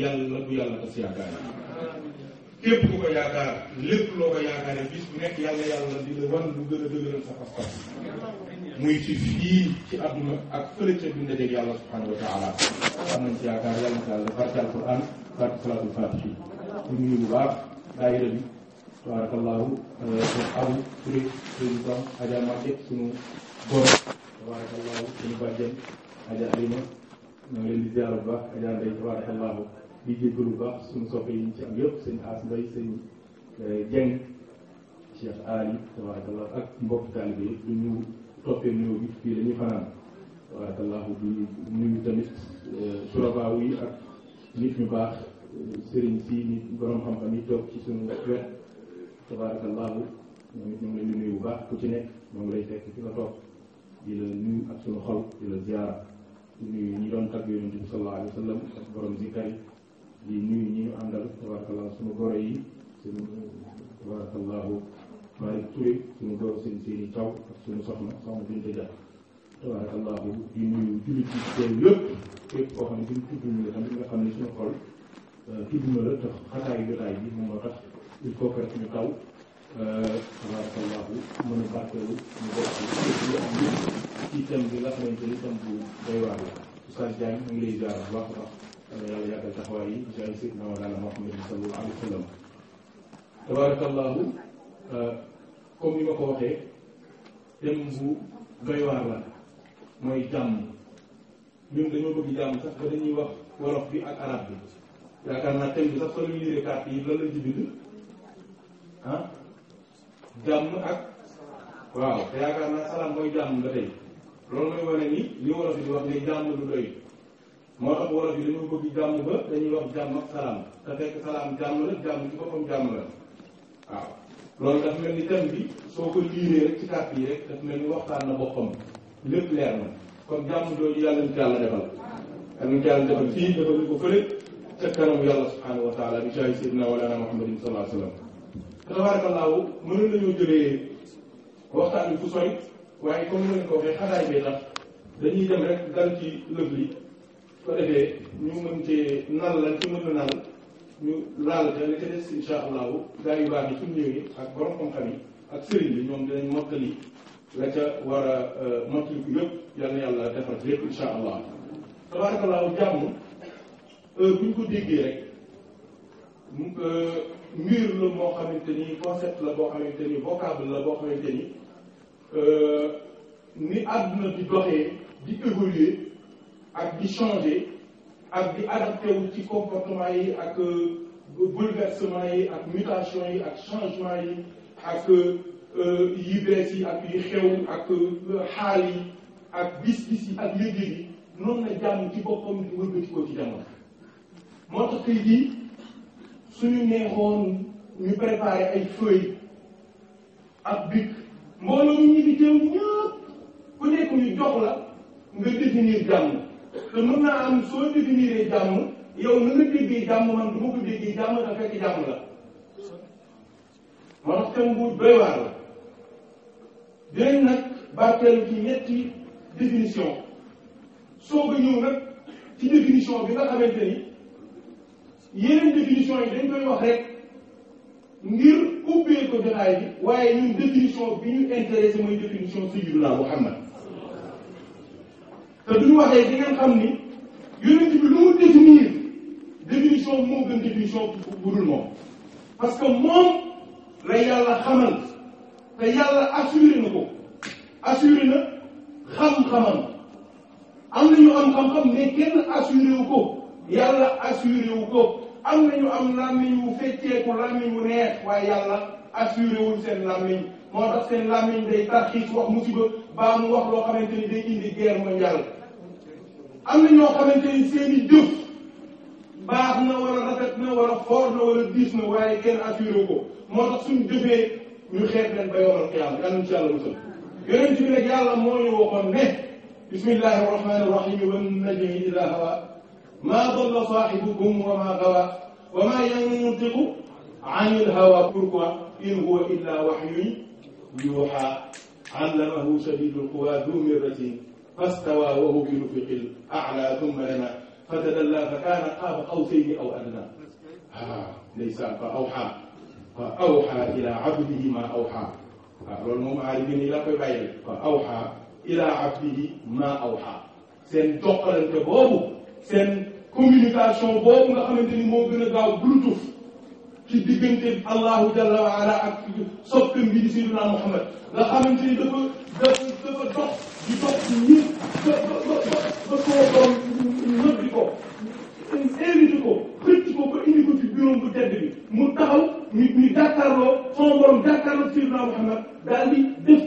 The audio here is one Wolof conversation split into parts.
yàlla bu yàlla tas yaakaar képp ku ko yaakaar lépp loo ko yaakaaree bis bu nekk yàlla yàlla lu gën a dëgëral sa pas-pas muy ci fii ci àdduna ak fële ca dunda jeg yàlla subhanahu wa taala am nañ ci yaakaar yàlla na ñu nuyu bu baax daayira bi tabarakallahu abu turé suñu bam aja marke suñu góor tabarakallahu suñu bàjjen aja ñoo leen di ziar bu baax ajaa day tabaarakallaahu di jéggalu bu baax suñu soppe yi ñu ci am yëpp sëñ As Mbay sëñ Jeng eh, ak mbokk taalibe yi du ñu toppee nuyoo bi fii la ñu fanaan tabaarakallaahu di nuyu tamit eh, surabaaw yi ak nit ñu baax sëriñ si nit borom xam-xam yi toog ci suñu wet tabaarakallaahu ñoom it ñu ngi leen di nuyu bu baax ku lay la nuyu ak suñu xol di la ziara di nuyu ñi doon tagg yonente bi sallallahu alayhi wa sallam ak borom zikar yi di nuyu ñi ñu àndal tabarakallah suñu goro yi suñu tabarakallahu Malick Touré suñu goro seen seeni taw ak suñu soxna soxna Binta Dia tabarakallahu di nuyu jullit yi teew yëpp képp koo xam ne suñu tudd ñu la tamit nga xam ne suñu xol euh, tudd na la tax xataay jotaay bi moom moo tax il faut que rek ñu taw euh, tabarakallahu mën a barkeelu ñu bokk ci thème bi nga xamante ni thème bu doy waar la Oustaz Diagne ñu ngi lay ziar a baax dana yàlla yàggal taxawaay yi jaay euh, mooy jàmm ñun bi ak arab bi soo yi lan la ci bind ah jàmm ak waaw te mooy jàmm ba tey lool mooy wane ni li wolof yi di wax ne jàmm du doy moo tax wolof yi dañoo bëgg jàmm ba dañuy wax jàmm ak salaam te fekk salaam jàmm la jàmm ci boppam jàmm la waaw loolu ko liiree rek ci kàpp yi rek dafa mel ni waxtaan na boppam lépp leer na kon jàmm jooju yàlla ñu yàlla defal yàlla ñu yàlla defal fii defal ñu ko fële ca kanamu yàlla subhanahu wa taala bi jaay sayyidina walana muhammadin sallallahu alayhi fu soy waaye comme ni ko waxee xadaay bi tax dañuy dem rek dal ci lëf li su ko defee ñu mën cee nal la ci mën nal ñu laal te ca des insha gaa yu baax yi suñ ñëwee ak borom xam ak sëriñ bi ñoom dinañ mottali la ca war a euh, mottali yëpp yal yàlla defal lépp insha allah tabarakallahu jàmm bu ko déggee rek euh, mbir la moo xamante ni concept la boo xamante ni vocable la boo xamante ni Euh, ni àdduna di doxee di évoluer ak di changer ak di adapté wu ci comportement yi ak euh, bouleversement yi ak mutation yi ak changement yi ak euh, yi yi ak yi xew ak xaal yi ak gis yi ak yëg yi noonu la jàmm ci boppam di wëlbati ko ci jamono moo tax tey jii suñu neexoon ñu préparé ay feuilles ak bic mbooloo mi ñu fi teew ñëpp ku nekk ñu jox la nga définir jàmm te mën naa am soo définiree jàmm yow na nga déggee jàmm man du ma ko déggee jàmm da fekk jàmm la moo tax thème bu doy waar la dinañ nag barkeelu ci ñetti définition soo ko ñëw nag ci définition bi nga xamante ni yeneen définition yi dañ koy wax rek ngir ubbee ko jotaay bi waaye ñun définition bi ñu intéressé mooy définition sayyiduna Muhammad te duñu waxee di xam ni yonent lu mu définir moo gën définition bu dul moom parce que moom la yàlla xamal te yàlla assuré na ko assuré na xam-xamam am na ñu am xam-xam mais kenn assuré wu ko yàlla assuré wu ko am nañu am làmmiñ wu fecceeku làmmiñ wu neex waaye yàlla assuré wuñ seen làmmiñ moo tax seen làmmiñ day tarxiis wax mu wax loo xamante ni day indi guerre na ñoo xamante ni seen na wala rafet na wala xoor na wala diis na waaye kenn assuré ko moo tax suñ jëfee ñu xeet leen ba yowal xiyaam yàlla ci yàlla musal yonent bi nag yàlla moo ñu waxoon ne bismillahi rahmaani rahim wan najmi maa dalla saaxibukum wa maa gawa wa maa yantiqu an ilhawa pourquoi in huwa illa waxyun yuuxa allamahu shadidu lquwa du miratin fastawa wa huwa bi rufiqi l ala thumma dana fatadalla fa kaana qaaba qawsayni aw adna ah ndeysaan fa awxa fa awxa ila abdihi ma awxa waaw ah, loolu moom aarifin yi la koy bàyyi fa awxa ila abdihi ma awxa seen jokkalante boobu seen communication boobu nga xamante ni moo gën a gaaw bluetooth ci diggante allahu jalla wa ala ak soppeem bi di sayyidina Muhammad nga xamante ni dafa dafa dox di dox ñëpp ba ba ba ba soo doon nëbbi ko invité ko ko ba ko ci bureau bu tedd mu taxaw nit ñi jàkkaarloo son borom jàkkaarloo sayyidina Muhammad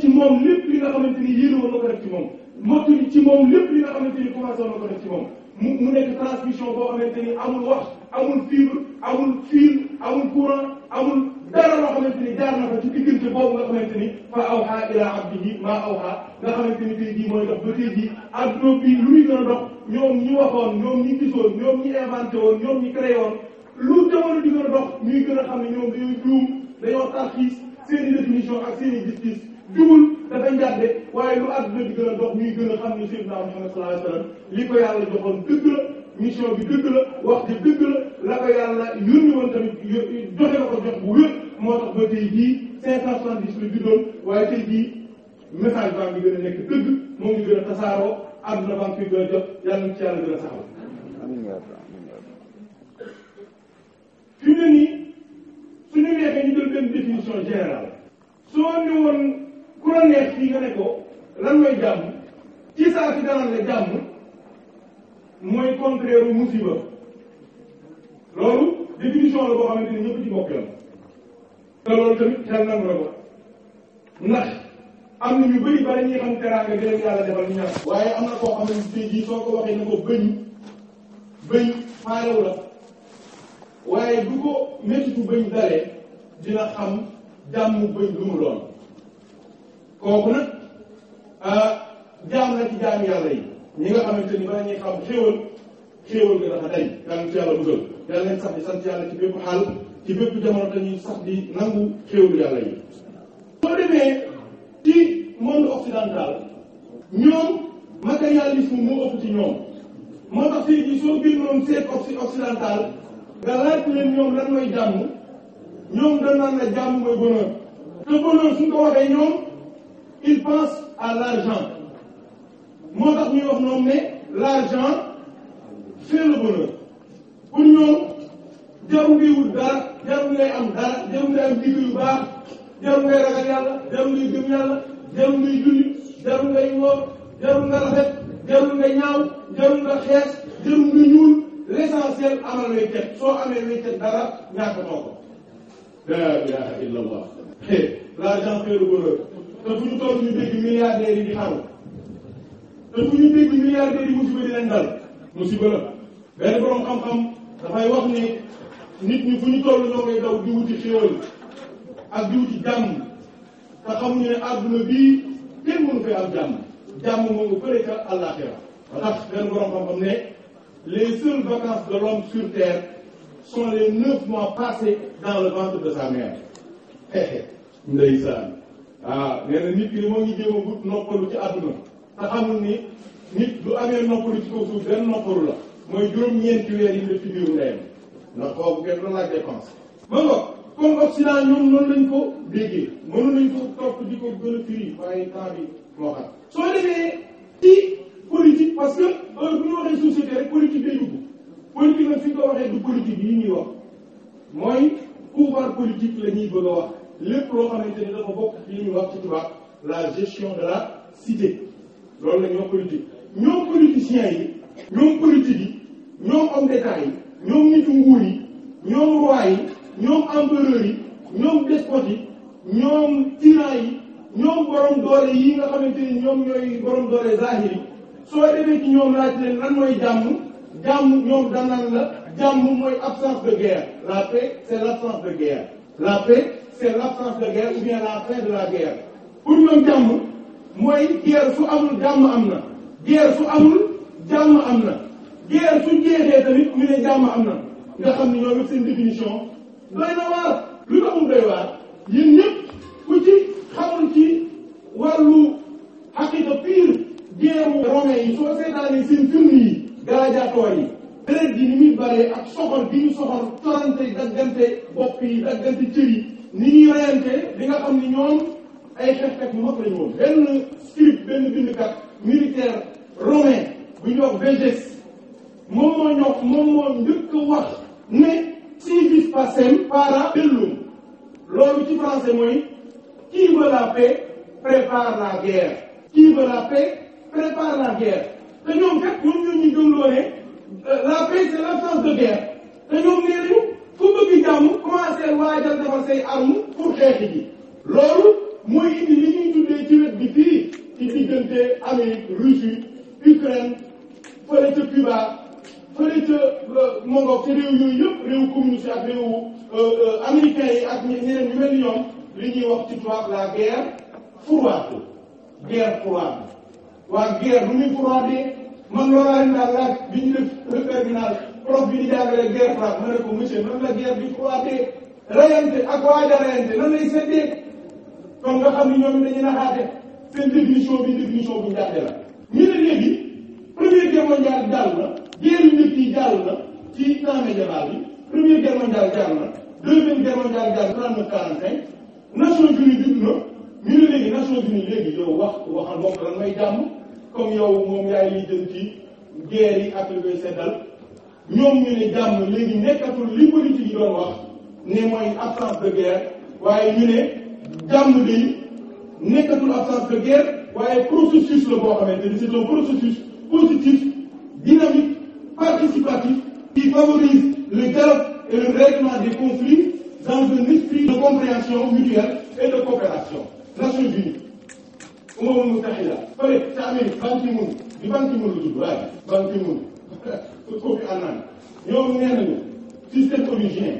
ci moom lépp li nga xamante ni yéene woon na ko def ci moom mottali ci moom lépp li nga xamante ni commencé ko def moom mu mu nekk transmission boo xamante ni amul wax amul fibre amul fil amul courant amul dara loo xamante ni jaar na boobu nga xamante ni fa awha ila abdihi ma awha nga xamante ni tey jii mooy dox ba tey jii adduna bi lu muy gën a dox ñoom ñi waxoon ñoom ñi gisoon ñoom ñi inventé woon ñoom ñi créé woon lu jamono di gën a dox ñuy gën a xam ne ñoom dañoo juum dañoo tarxiis seen i définition ak seen i justice jubul dafay lu àdduna bi gën a dox ñuy gën a xam ne Seydina Muhammad sallallahu alayhi li ko yàlla joxoon dëgg la mission bi dëgg la wax ji dëgg la la ko yàlla yónni woon tamit joxe na ko jox bu wér moo tax ba tey jii cinq cent soixante-dix la juddoon waaye tey jii message baa ngi gën a nekk dëgg moo ngi gën a tasaaroo àdduna baa ngi fi gën yàlla na ci yàlla gën a saxal fi ne nii suñu neexee ñu jël benn définition générale soo ne woon ku la neex fii nga ne lan mooy jàmm ci si danañ ne jàmm mooy contraire musiba loolu définition la boo xamante ni ñëpp ci bokk la te loolu tamit xel nangu la ko ndax am na ñu bëri ba dañuy xam teraanga bi leen yàlla waaye am na koo xam ne tey soo ko waxee ne ko bëñ bëñ faalewu la waaye du ko bëñ dalee dina xam jàmm bëñ lu mu doon kooku nag. Ah, jaam na ci jaam yàlla yi ñi nga xamante ni bala ñuy xam xéewal xéewal nga dafa tey yàlla na ci yàlla bëggal yàlla nañ sax di ci bépp xaal ci bépp sax di nangu xéewalu yàlla yi soo demee ci monde occidental ñoom matérialisme moo ëpp ci ñoom moo tax fii ji soo biir noonu seet oxy occidental nga laaj leen ñoom lan mooy jàmm ñoom dañ naan jàmm mooy bonheur suñ ko waxee ñoom il pense à l'argent moo tax ñuy wax ñoom ne l'argent fait le bonheur ñoom jarul ngay wut dara jarul ngay am dara jarul ngay am jikko yu baax jarul ngay ragal yàlla jarul ngay gëm yàlla jarul ngay julli jarul ngay woor jarul nga rafet jarul nga ñaaw jarul nga xees jarul nga ñuul l'essentiel amal weccet soo amee weccet dara ñàkk moo ko la ilaha illa allah l'argent fait le te fu ñu toll ñu dégg milliardaires yi di xaru te fu ñu dégg milliardaires yi musiba di leen dal musiba la benn borom xam-xam dafay wax ni nit ñi fu ñu toll ñoo ngay daw di wuti xéewal ak di wuti jàmm te xamuñu ne àdduna bii kenn mënu fay am jàmm jàmm moo nga fële ca àllaaxira ba benn borom xam-xam ne les seules vacances de sur terre sont les neuf mois passés dans le ventre de sa mère ndeysaan waaw ah, nee na nit ki li moo ngi jéem a wut noppalu ci àdduna te ni nit du amee noppalu ci kaw suuf benn noppalu la mooy juróom-ñeenti weer yi nga ci biiru ndeyam ndax kooku kenn doon laaj dépense. ma nga comme Occident ñoom noonu lañ ko déggee mënu nañ ko topp di ko gën a firi waaye temps bi moo xam soo demee ci politique parce que heure bu ñu waxee société rek politique day dugg politique nag fi ñu ko waxee du politique yi ñuy wax mooy pouvoir politique la ñuy bëgg a wax. lépp loo xamante ni dafa bokk li ñuy wax ci tubaab la gestion de la cité loolu la ñoo politique ñoom politiciens yi ñoom politique yi ñoom homme d'état yi ñoom nitu nguur yi ñoom roi yi ñoom empereur yi ñoom despote yi ñoom tyran yi ñoom borom doole yi nga xamante ni ñoom ñooy borom doole zahir yi soo demee ci ñoom laaj leen lan mooy jàmm jàmm ñoom danaan la jàmm mooy absence de guerre la paix c'est l'absence de guerre la paix c'est l'absence de guerre ou bien la fin de la guerre pour ñoom jàmm mooy guerre su amul jàmm am na guerre su amul am na su jeexee tamit ñu ne jàmm am na nga xam ne ñoom seen définition doy na waar lu ko doy waar yéen ñëpp ku ci xamul ci wàllu xaqiqa pire guerru romain yi soo seetaanee seen film yi gladiator yi deret ji ni muy bare ak soxor bi ñu soxor torante daggante bopp daggante cër ni ñuy reyantee li nga xam ni ñoom ay xeexkat yu mag lañu woon benn scribe benn bindkat militaire romain bu ñuy wax moom moo ñox moom moo njëkk wax ne si vis pacem para bellum loolu ci français mooy qui veut prépare la guerre qui veut prépare la guerre te ñoom kat ñoom ñoo ñu gëmloo ne euh, la paix c'est l'absence de guerre te ñoom nee nañu bëgg jàmm commencé waajal defar say arme pour xeexi ji loolu mooy indi li ñuy tuddee ci wet bi fii ci diggante Amérique Russie Ukraine fële ca Cuba fële ca euh, Mongok ca réew yooyu yëpp réew communiste ak réew euh, euh, américains yi ak ñeneen ñu mel ni ñoom li ñuy wax ci tubaab la guerre froide guerre froide waa guerre lu muy froide man loolaa leen laaj bi ñu def repère prof bi di jàngale guerre France ma ne ko monsieur nan la guerre bi croité rayante ak waaj a rayante nan lay seddee kon nga xam ni ñoom dañuy naxaate seen léegi première guerre bi première guerre na deuxième guerre mondiale na ñu ne léegi Nations Unies léegi yow wax waxal moom lan may jàmm comme yow moom yaay liy jëm ci guerre yi ak li koy seddal ñoom ñu ne jàmm léegi nekkatul li politique yi doon wax ne mooy absence de guerre waaye ñu ne jàmm bi nekkatul absence de guerre waaye processus la boo xamante ni c'est un processus positif dynamique participatif qui favorise le dialogue et le règlement des conflits dans un esprit de compréhension mutuelle et de coopération Nations Unies umamu mutaxida fële ca Amérique Ban Ki-moon di Ban ki la tudd waaye Ban ki utkubi annan ñoom nee nañu système onusien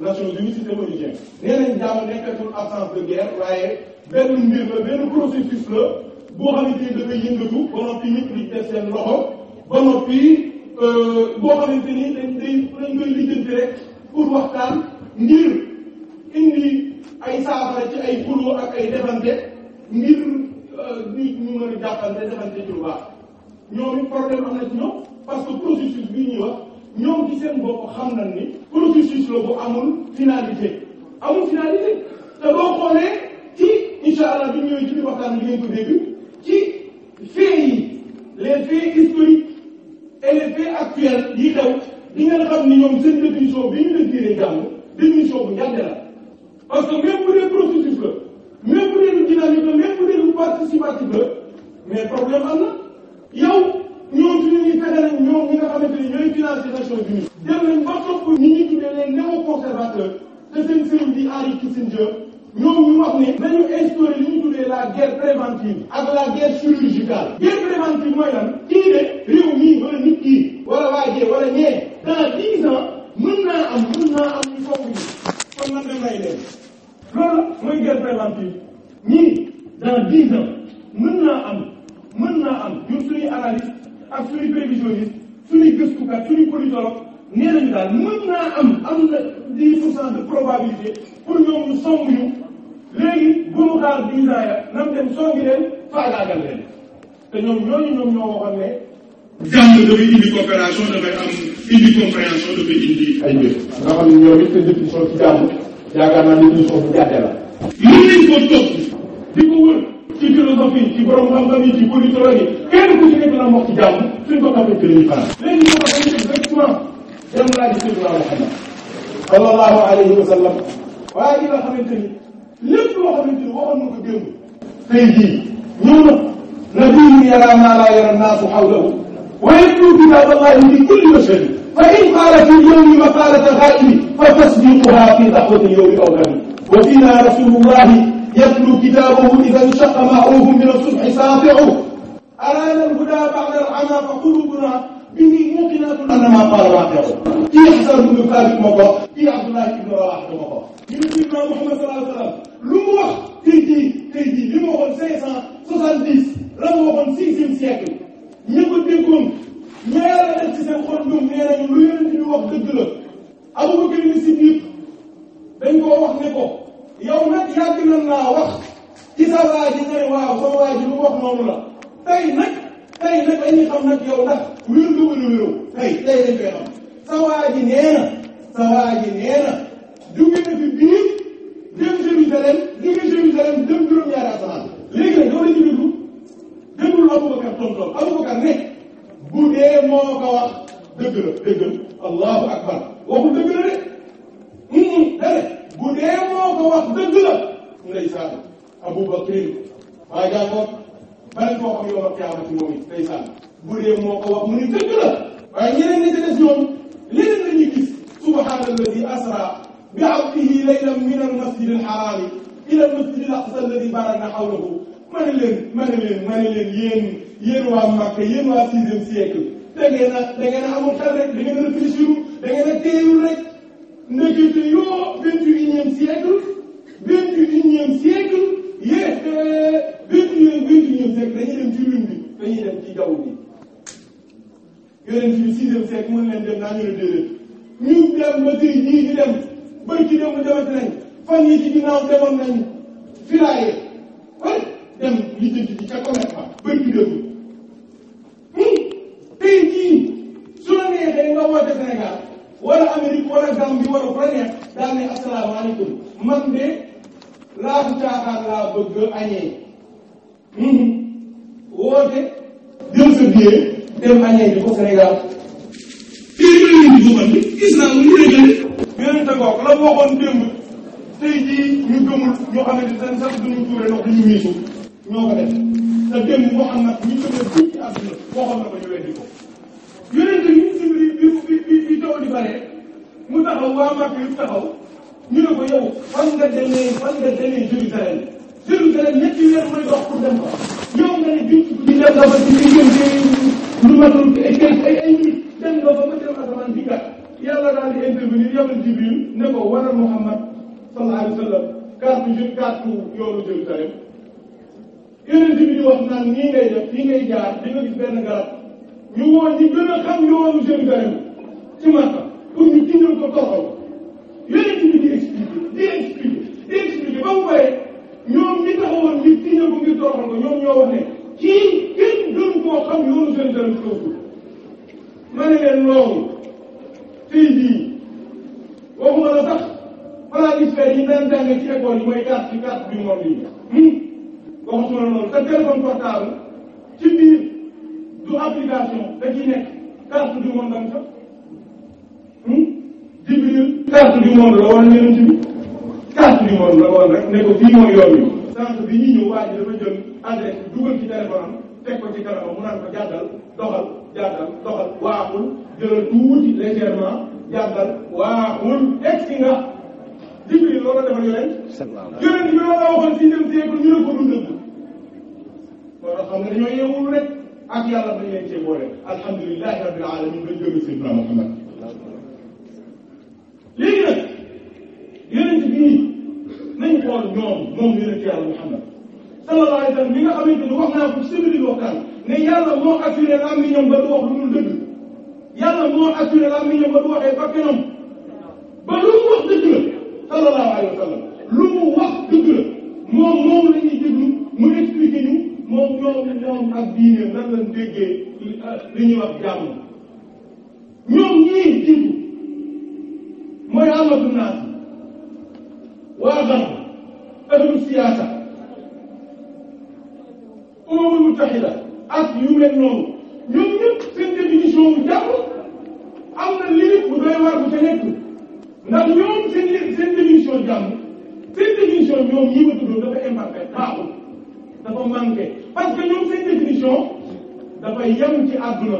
Nations Unies système onusien nee nañ nekkatul absence de guerre waaye benn mbir la benn processus la boo xamante ni dafay yëngatu ba noppi ñëpp di def seen loxo ba noppi euh, boo xamante ni dañ day dañ koy lijjanti rek pour waxtaan ngir indi ay saafara ci ay xuloo ak ay defante ngir euh, nit ñu mën a jàppante defante ci lu problème am na ci parce que processus bi ñuy wax ñoom ci seen bopp xam nañ ni processus la bu amul finalité amul finalité te boo xoolee ci incha allah bi ñëwee ci biir waxtaan bi ngeen ko dégg ci faits yi les faits historiques et les yi daw di nga xam ni ñoom seen définition bi ñu la diiree jàmm définition bu yàgg la parce que même bu dee la même bu lu dynamique la même lu participatif mais problème am na yow. ñoom suñu ñuy fexe nag ñoom ñi nga xamante ni ñooy financé Nations Unies dem nañ ba topp ñi ñuy tuddee les néoconservateurs te seen sëriñ di Henry Kissinger ñoom ñu wax ne nañu instauré li ñu tuddee la guerre préventive ak la guerre chirurgicale guerre préventive mooy lan kii de réew mii wala nit kii wala waajee wala ñee dans dix ans naa am mën naa am ñu foofu ñi kon man dem lay dem loolu mooy guerre préventive ñii dans dix ans mën naa am mën naa am ñun suñuy analyse ak suñu prévisionniste suñu gëstukat suñu politologue nee nañu daal mën naa am am na 10 pour cent de probabilité pour ñoom ñu song ñu léegi bu mu xaar 10 ans ya nam dem songi leen faagaagal leen te ñoom ñooñu ñoom ñoo waxoon ne. jàmm dafay indi coopération am indi compréhension dafay indi ay mbir. nga xam ne ñoom it te définition ci jàmm yaakaar ko topp ci philosophie ci borom xam-xam yi ci politologue yi kenn ku ci nekk na wax ci jàmm suñ ko xamee que dañuy faral. léegi ñu ko xamee exactement dem laa di Seydina Muhammad sallallahu alayhi wa sallam waaye li nga xamante ni lépp loo xamante ni waxoon na ko démb. tey jii ñëw na nabiyyu yara maa laa yara naasu xawlahu wa yatlu kitaab allahi li kulli basharin fa in qaala fi yowmi maqaalata xaa'imi fa tasdiquhaa fi daxwati yowmi aw gani wa fiina rasulullahi يتلو كتابه إذا انشق معه من الصبح ساطع أرانا الهدى بعد العمى فقلوبنا به موقنة أن ما قال واقع كي حسن بن ثابت مضى كي عبد الله بن رواحة مضى يقول محمد صلى الله عليه وسلم lu mu wax tey jii tey jii li ma waxoon cinq cent soixante-dix la ma waxoon sixième siècle ña ko déggoon ña yàlla ci seen xol ñoom nee nañu lu bi wax dëgg la Abubakar ni Siddiq dañ koo wax ne ko yow nag yàgg nañ laa wax ci sa waa ji waaw sa waa ji wax noonu la tey nag tey nag dañuy xam nag yow ndax wér nga wala wéroo tey tey dañ koy xam sa waa ji nee na sa waa ji nee na jóge na fi bii dem Jérusalem jóge dem juróom-ñaari asamaan léegi nag yow la ñu déglu déglu Aboubacar tontoon bu dee moo ko wax dëgg la dëgg la allahu akbar waxul dëgg la de. gu dee moo ko wax dëgg la ndeysaan Abubakar waaye daa ko ban koo xam yow ak yaamati moom it ndeysaan gu dee moo ko wax mu ni dëgg la waaye ñeneen ñi ci des ñoom leneen la ñuy gis subhaana alladi asra bi abdihi laylan min al masjid al xaraami ila al masjid al aqsa alladi barakna xawlahu ma ne leen ma ne leen ma ne leen yéen yéen waa Makka yéen waa sixième siècle da ngeen a da ngeen a amul xel rek da ngeen a réfléchir da ngeen a teeyul rek ndekete yoo vingt-et-unième siècle vingt-et-unième siècle yéen euh, vingt-et-unième vingt-et-unième dem ci lune bi dem ci jaww bi yeneen ci sixième siècle mën leen dem naa ñu ne déedéet ñu dem ba tey ñii di dem bëri ci dem demati nañ fan yi ci ginnaaw demoon nañ filaaye kon dem li jënd ci ca commerce ba bëri ci dëkk hmm. tey jii su la neexee nga woote Sénégal wala Amérique wala Gambie wala ku la neex daal ne asalaamaaleykum man de laafu caaxaan laa bëgg añee mhm. woote jël sa billet dem añee ji ko Sénégal kii bi ñu dugal bi gis naa lu ñu dégale yonente goog la waxoon démb tey jii ñu gëmul ñoo xamante ne seen sax duñu tuure ndox duñu miisu ñoo ko def te démb moo xam nag ñu tëddee fii ci àdduna waxoon na ko ñu weddi ko yonente coow di bare mu taxaw waa taxaw ñu ne ko yow fan nga demee fan nga demee Jérusalem Jérusalem ñetti weer di nga lu matul di kat yàlla daal di intervenir yabal ne ko waral Muhammad ñu woo ñi ci Makka pour ñu dindal ko toroxal yonent bi di expliqué di expliqué di expliqué ba mu bàyyi ñoom ñi taxawoon ngir dindal ko ko ñoom ñoo wax ne kii kenn ma ne leen loolu tey jii waxuma la sax plan expert yi daan jàng ci école yi mooy carte ci carte bi moom yi hmm? waxuma la loolu te téléphone portable ci biir du application da ciy nekk carte du monde am sax Jibril carte du monde la woon yonent bi carte du monde la woon rek ne ko fii mooy yoon wi. sànq bi ñuy ñëw waa ji dafa jël engrais dugal ci téléphone am teg ko ci kanamam mu naan ko jàddal doxal jàddal doxal waaxul jëlal tuuti légèrement jàddal waaxul egg si nga Jibril loolu la defal yonent. yonent bi loolu la waxoon sixième siècle ñu ne ko dundal. moo tax xam nga dañoo yeewul rek ak yàlla dañ leen cee boole alhamdulilahi rabbil alamin dañ gëm seen Muhammad ñoom moom yonent yàlla Muhammad sallallahu alayhi wa sallam mi nga xamante ni wax naa ko sibiril waxtaan ne yàlla moo assuré làmmiñam ba du wax lu dul dëgg yàlla moo assuré làmmiñam ba du waxee bakkanam ba lu mu wax dëgg la sallallahu alayhi wa sallam lu wax dëgg la moom moom la ñuy déglu mu expliqué ñu moom ñoom ñoom diine nan lañ déggee li ñuy wax jàmm ñoom ñii jiitu mooy amatu naas waa dara atum siyaasa umamul mutaxida ak yu mel noonu ñoom ñëpp seen définition bu jàpp am na limite bu doy war bu ca nekk ndax ñoom seen seen définition jàmm seen définition ñoom yi ma tuddoon dafa imparfait baaxul dafa manqué parce que ñoom seen définition dafa yem ci àdduna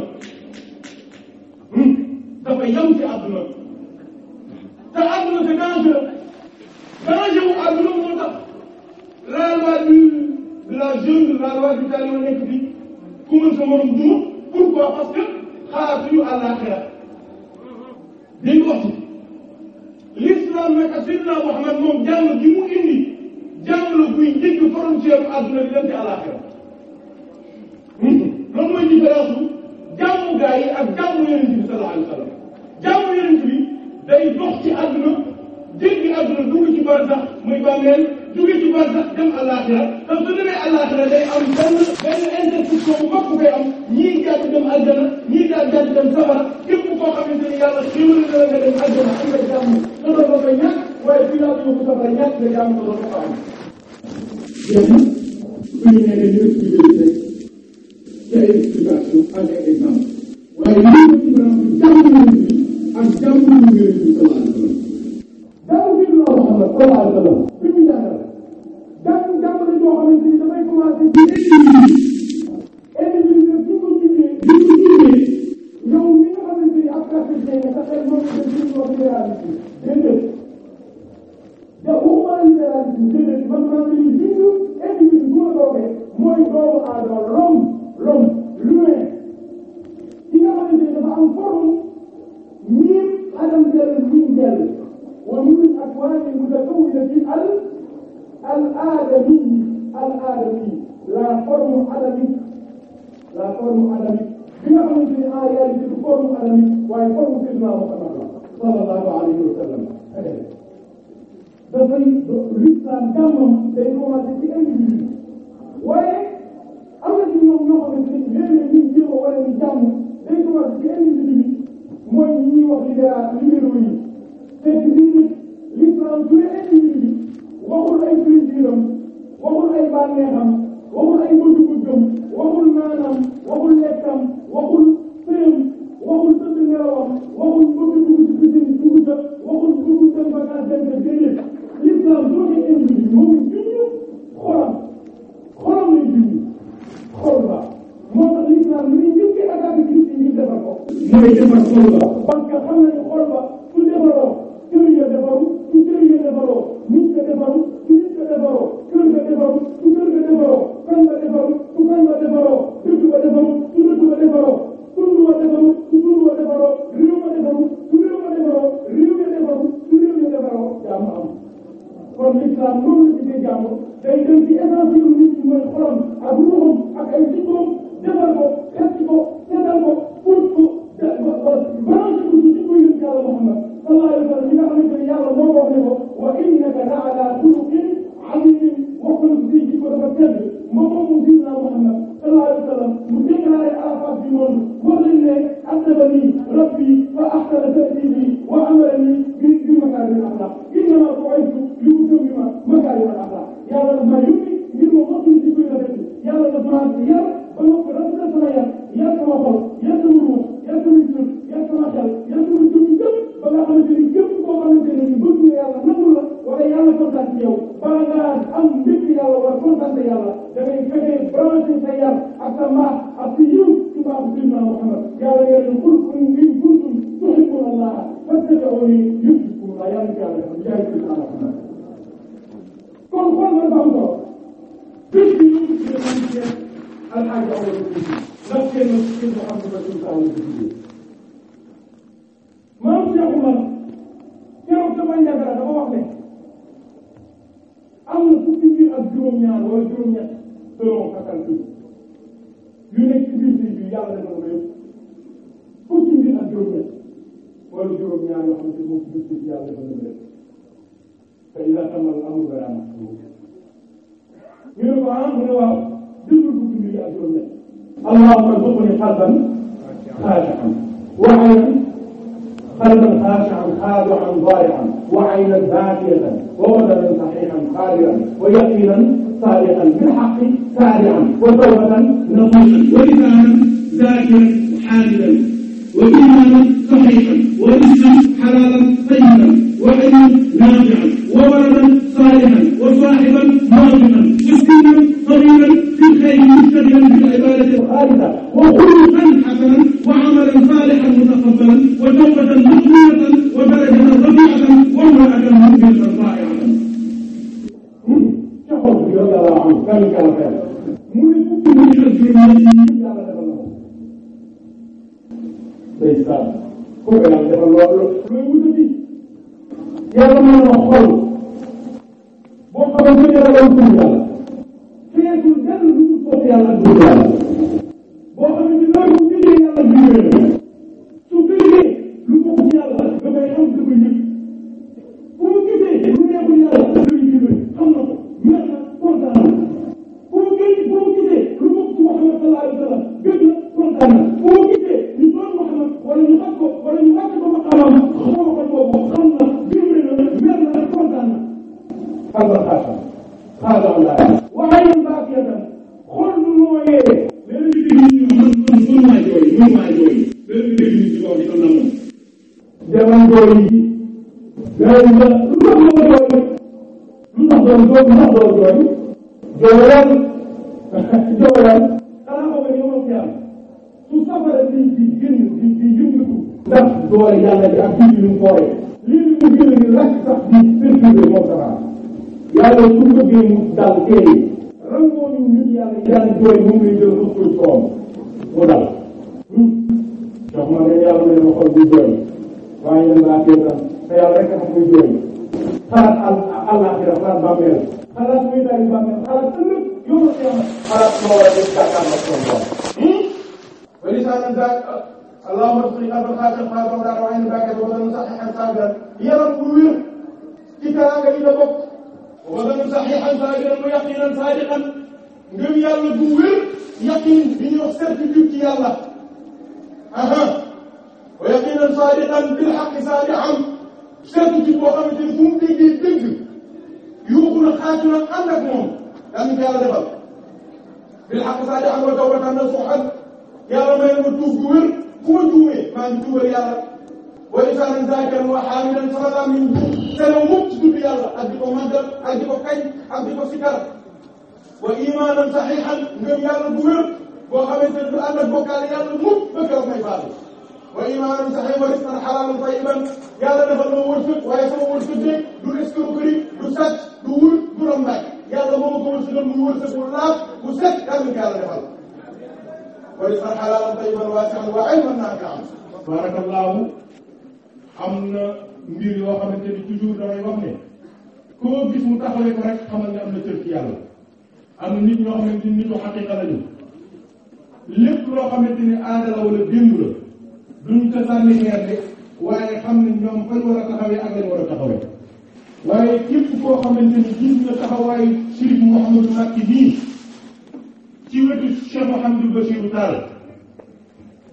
hmm, dafa yem ci àdduna te àdduna c'est changé wu àdduna moo tax la loi du de la jeune la loi du talion nekk bi ku mën sa morom duma pourquoi parce que xalaatuñu àllaaxira dañ wax ci l'islam nag Seydina Muhammad moom jàng gi mu indi jàng la buy njëkk frontière bu àdduna bi dem ci àllaaxira hmm? loolu mooy différence bu jàmmu gaa yi ak jàmmu yonent bi sallallahu alayhi wa sallam jàmmu yonent bi day dox ci àdduna jéggi àdduna dugg ci barsax muy bàmmeel jóge ci barsax dem àllaaxira te su demee àllaaxira day am benn benn intersection bu bopp koy am ñii jàpp dem àjjana ñii daal jàpp dem safara képp koo xamante ni yàlla xéwal na la nga dem àjjana am nga jàmm te doon ko koy ñàkk waaye fii laa ko safara ñàkk nga jàmm ko doon ko am. léegi su ñu nee dañuy utiliser ci ay explication ak ay exemple waaye lii ci ak jàmm ñu ngi sallallahu alayhi wa sallam li nga xamante ne yàlla moo ko wax ne ko xaatuloon ànd ak moom yaa ngi yàlla defal bil xaq saa di amal tawbatan nasuha yàlla may ma tuub bu wér ku ma juumee maa ngi tuubal yàlla wa lisaanan zaakiran wa haamidan falataa min duum sena mukk ci tudd yàlla ak di ko màggal ak di ko kañ ak di ko sikar wa imaanan saxiixan ngëm yàlla bu wér boo xamante ne du ànd ak bokkaale yàlla mukk ba keroog may faatu waaye imaanan saxiiban rizqan xalaalan tayyiban yàlla defal ma wërsëg waaye sama wërsëg de du escroquerie du sàcc du wul du rambaaj yàlla moo ma ko wërsëgal muy wërsëg bu laaf bu set yàlla ko yàlla defal wa rizqan xalaalan tayyiban waasi'an wa ilman naafi'an barakallahu am na mbir yoo xamante ni toujours damay wax ne koo gis mu taxawee ko rek xamal ne am na cër ci yàlla am na nit ñoo xamante ni nitu xaqiqa lañu lépp loo xamante ni aada la wala démb la duñ ko sànni xeer de waaye xam ne ñoom war a taxawee ak war a taxawee waaye képp koo xamante ni gis nga taxawaayu Sëriñ Mouhamadou Mbacké bii ci wetu Cheikh Mouhamadou Bassirou Tall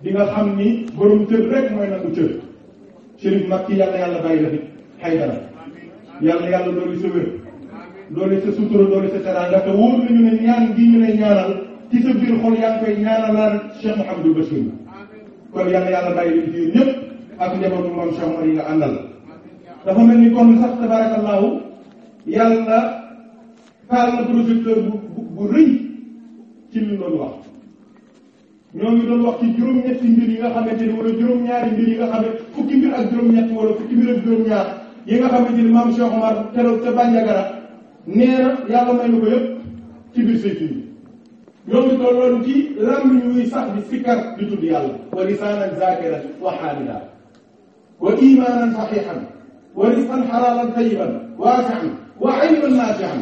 di nga xam ni borom cër rek mooy nangu cër Sëriñ Mbacké yàlla yàlla bàyyi la fi xaydara yàlla yàlla dooli sa wér dooli sa sutura dooli sa ñaan gi ñu ne ñaanal ci sa biir xol yaa ngi koy ñaanalaal Cheikh Mouhamadou Bassirou kon yàlla yàlla bàyyi leen biir ñëpp ak njabootu moom Cheikh Omar yi nga àndal dafa mel ni kon sax tabarakallahu yàlla taal na projecteur bu bu rëy ci li doon wax ñoo ngi doon wax ci juróom-ñetti mbir yi nga xamante ni wala juróom-ñaari mbir yi nga xam ne fukki mbir ak juróom-ñett wala fukki mbir ak juróom-ñaar yi nga xam xamante ni maam Cheikh Omar keroog ca Bandiagara nee yàlla may na ko yëpp ci biir saytu bi ñoom ñu tolloon ci làmmiñ wuy sax di sikkar di tudd yàlla wa lisaanan zaakiran wa xaamida wa imaanan saxiixan wa rizqan xalaalan tayiban waasian wa ilman naafian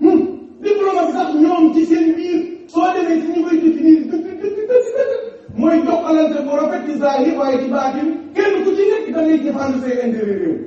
wu diplomate sax ñoom ci seen biir soo demee ci ñu koy définir dëgg dëgg dëgg mooy jokkalante bu rafet ci zahir waaye ci baatin kenn ku ci nekk da ngay défendre say intérêt réew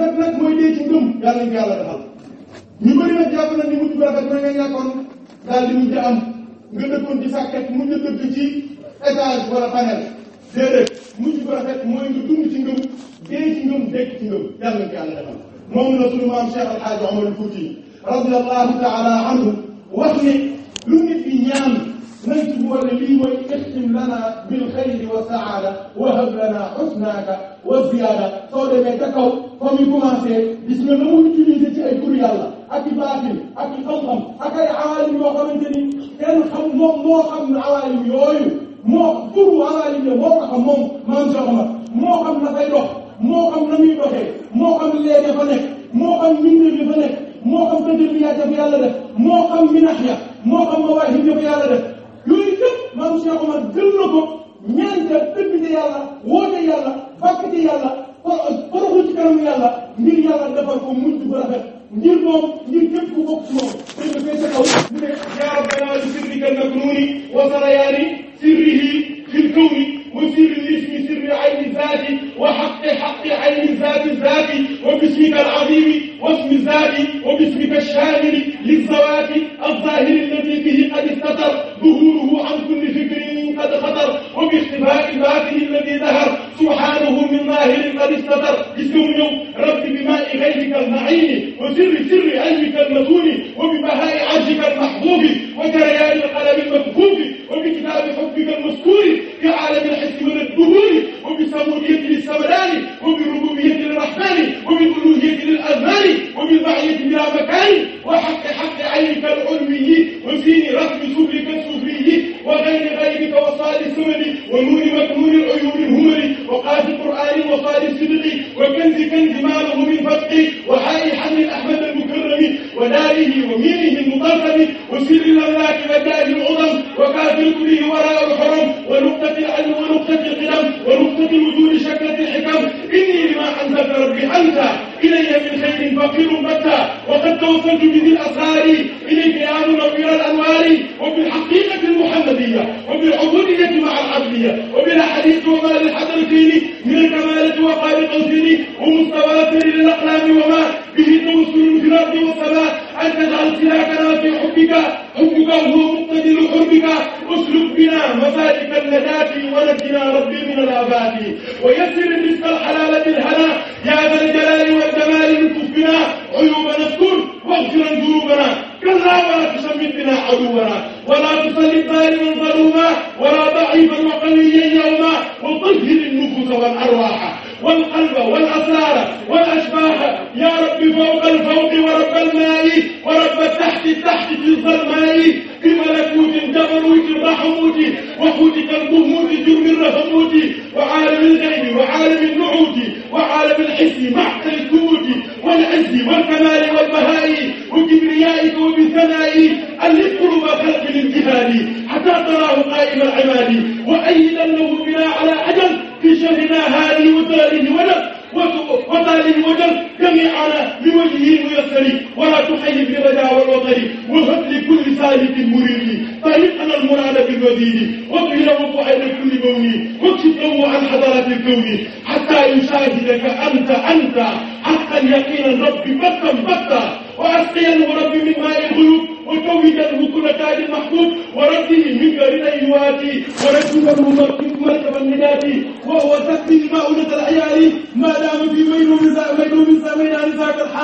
rafet nag mooy dee ci ngëm yàlla ñu ko yàlla defal ñu bëri nag jàpp na ni mujj bu rafet na nga ñàkkoon daal di mujj am nga dëkkoon ci sàkket mujj a dëkk ci étage wala panel déedéet mujj bu rafet mooy nga dund ci ngëm dee ci ngëm dekk ci ngëm yàlla ñu ko yàlla defal moom la sunu maam Cheikh El Hadj Omar Fouti radiyallahu taala anhu wax ne lu nit bi ñaan nañ ci boole lii mooy ixtim lana bil xayri wa saada wa hab lana xusnaaka wa ziyaara soo demee ca kaw fa muy commencé gis nga na mu utilisé ci ay tur yàlla ak i baatin ak i xam-xam ak ay awaalim yoo xamante ni kenn xam moom moo xam ne awaalim yooyu moo turu awaalim la moo ko xam moom maam Cheikh Omar moo xam na fay dox moo xam na muy doxee moo xam lee dafa nekk moo xam mbindeef dafa nekk moo xam tajëliyaat dafa yàlla def moo xam minax ya moo xam mawaahib dafa yàlla def yooyu yëpp maam Cheikh Omar jël na ko ñaan ca dëgg yàlla woote yàlla fàkk ci yàlla foroxu ci kanam yàlla ngir yàlla defal ko mujj bu rafet ngir moom ngir képp ku bokk moom dañ ko fay sa kaw mu ne yaa rabbana li sirrika maknuni wa sarayaani sirrihi fil kawni wa sirri lismi sirri ayni zaati wa xaqi xaqi ayni zaati zaati wa bismika al azimi واسم زائد وباسمك الشاهد للزواج الظاهر الذي به قد استتر ظهوره عن كل فكر قد خطر وباختفاء ذاته الذي ظهر سبحانه من ظاهر قد استتر استغنوا رب بماء غيرك المعين وسر سر علمك المتون وببهاء عرشك المحبوب وجريان القلم المكفوف وبكتاب حبك المذكور كعالم الحس من الدهور وبسمودية للسمران وبربوبية للرحمن وبالألوهية للأذهان العالي ومن رعية بلا مكان وحق حق عينك العلوي وزين رسم سبلك السفلي وغير غيرك وصال السمن ونور مكنون العيون الهمل وقاد قرآن وصال الصدق وكنز كنز ما له من فتق وحائي حمل أحمد المكرم وداره ومينه المطرم وسر الأملاك وداه العظم وكافر كله وراء الحرم ونقطة العلم ونقطة القدم ونقطة وجود شكلة الحكم إني لما أنزلت ربي أنت إلي من خير فقير متى وقد توصلت بذي الأسرار إليك يا منور الأنوار وبالحقيقة المحمدية وبالعبودية مع العدلية وبالأحاديث وما للحضر فيني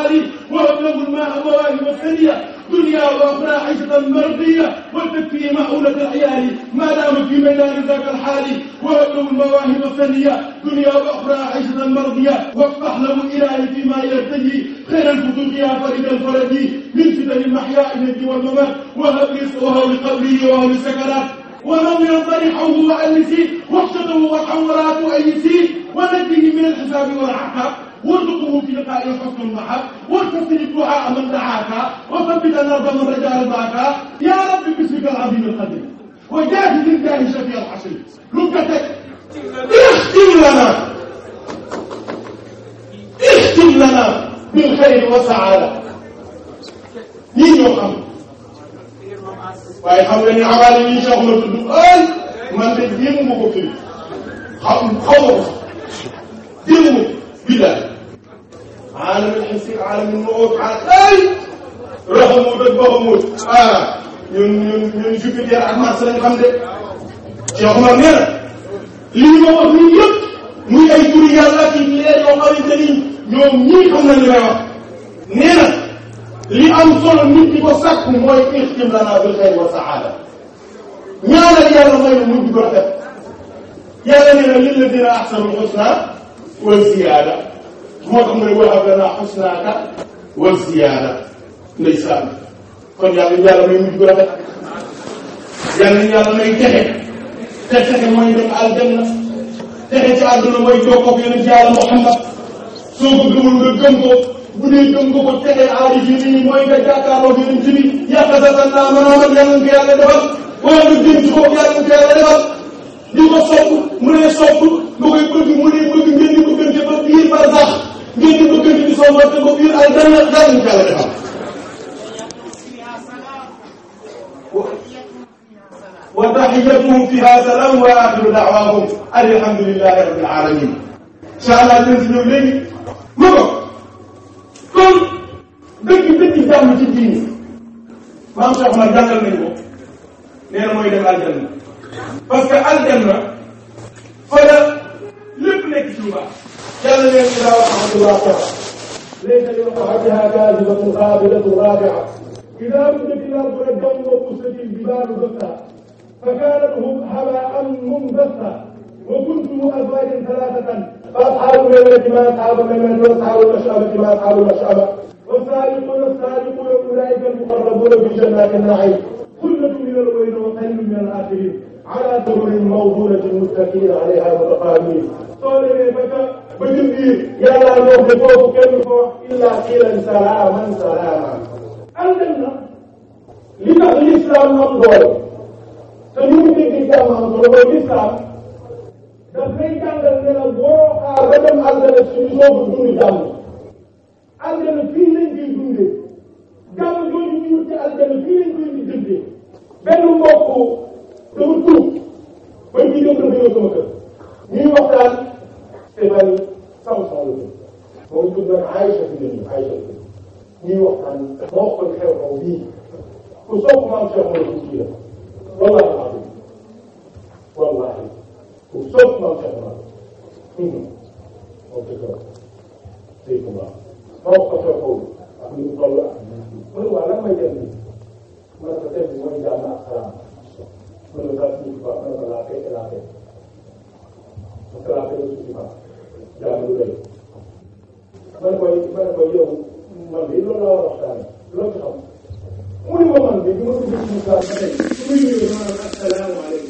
العاري وهب الماء مواهب الثانية دنيا واخرى عيشة مرضية والتكفي مؤونة العيال ما دام في ميدان ذاك الحالي وهب المواهب الثانية دنيا واخرى عيشة مرضية وافتح له الهي فيما يرتجي خير الفتوح يا فريد الفردي من فتن المحيا الذي والممات وهب لي وهب لقبري وهب لسكرات ونظرا طريحه وأنسي وحشته وحوراته أيسي ونجه من الحساب والعقاب وارزقه في لقائه حسن المحب واغتسل الدعاء من دعاك وثبت الارض من رجاء رضاك يا رب باسمك العظيم القدير وجاهد الله شفيع الحصير لبتك اختم لنا اختم لنا بالخير والسعاده ñii ñoo xam waaye xam nga ni awaale yi Cheikh la tudd ay man de jéem ma ko firi xam xaw ma ko jéem ma bidaay aalamul xis si aalamul nuut ay roxamut ak boxamut ah ñun ñun ñun Jupiter ak Mars lañ xam de Cheikh Omar nee na lii ma wax nii yëpp muy ay turi yàlla ci leer yoo xamante ni ñoom ñii xam nañ li may wax nee na li am solo nit ñi ko sàkk mooy ixtim lana bil xayr wa saada ñaanal yàlla may na mujj ko rafet yàlla nee na lilladina ahsanul xusna wa ziyaada moo tax mu ne wahab lana xusnaaka wa ziyaada ndeysaan kon yàlla yàlla may mujj bu rafet yàlla yàlla may texe te texe mooy dem texe ci àdduna mooy jokkoog yeneen yàlla Muhammad soo ko gëmul nga gëm ko bu dee gëm nga texe aarifin yi mooy nga jàkkaarloo yeneen ci bi yàlla sasan naa mënoon ak yàlla nga yàlla defal wala nga jëm ci boobu yàlla nga yàlla mu ne sopp nga koy bëgg mu ne ba biir ba sax ngeen di bëgg nit ñi soo bëgg ko biir ay benn benn jàll defal. wa tahiyyatuhum fiha salaam wa aaxiru da'waahum alhamdulillahi rabbil aalamiin. incha allah dinañ si ñëw léegi lu ko kon dëgg dëgg jàmm ci diini maam Cheikh Omar jàngal nañu ko nee na mooy dem aljanna parce que aljanna fa la lépp nekk ci lu baax. كان من الإمام أحمد الواقعة ليس لوقعتها كاذبة خابرة رابعة إذا وجد الأرض الدم وبست الجبال زقا فكانت هباء منبثا وكنت أزواجا ثلاثة فأصحاب الميمنة ما أصحاب الميمنة وأصحاب المشأمة ما أصحاب المشأمة والسابقون السابقون أولئك المقربون في جنات النعيم ثلة من الأولين وقليل من الآخرين على سرر موضونة متكئين عليها متقابلين قال لي بكى ba ci biir yàlla loo xam ne foofu kenn ko wax illa qiilan salaaman salaaman àndal na li tax l'islam am doole te ñu ngi dégg jàmm am solo mooy l'islam daf lay jàngal ne la boo xaar ba dem àndal ak suñu soobu dund jàmm àndal fii lañ koy dundee jàmm jooju ñu wut ci àndal fii lañ koy dundee benn mbokk dafa tuub ba ñu jëm sama kër ñuy waxtaan xibal samson la moom ñu tudd nag Aïcha fi lañu Aïcha fi ñuy waxtaan moo xool xew-xew bii ku sopp maam Cheikh Mor Fouti la wallaahi wallaahi wallaahi ku sopp maam Cheikh Mor moom dëgg la dëgg la moo ko xew-xew ak ni mu toll ak mu ne waa lan may dem bi mu ne ko dem bi mooy jàmm ak salaam mu ne ko daal suñu tubaab mu ne ko laa fekk laa fekk mu ne ko laa fekk suñu tubaab jàng lu doy ma ne koy ma ne koy yow man de loolu la war a waxtaane loolu ci xam mu ne ma man de bi ma ko jël ci Moussa ba tey su ma ñëwee ma ne asalaamaaleykum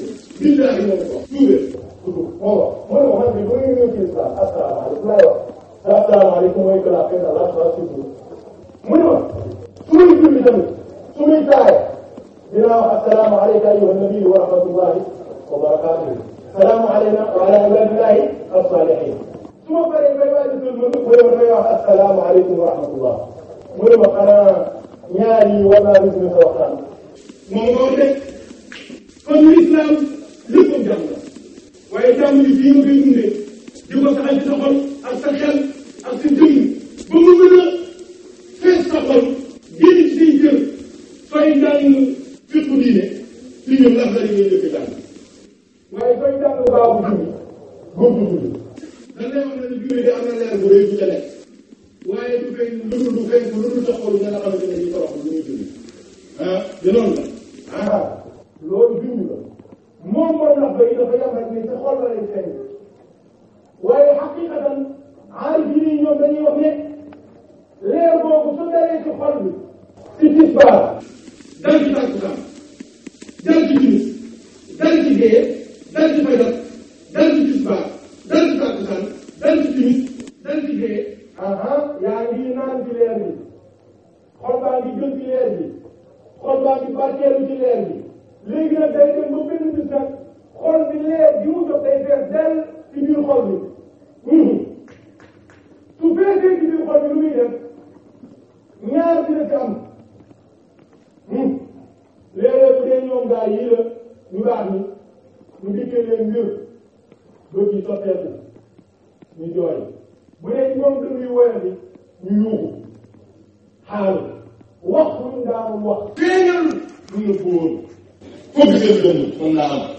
foo gisee lu doon moom laa am.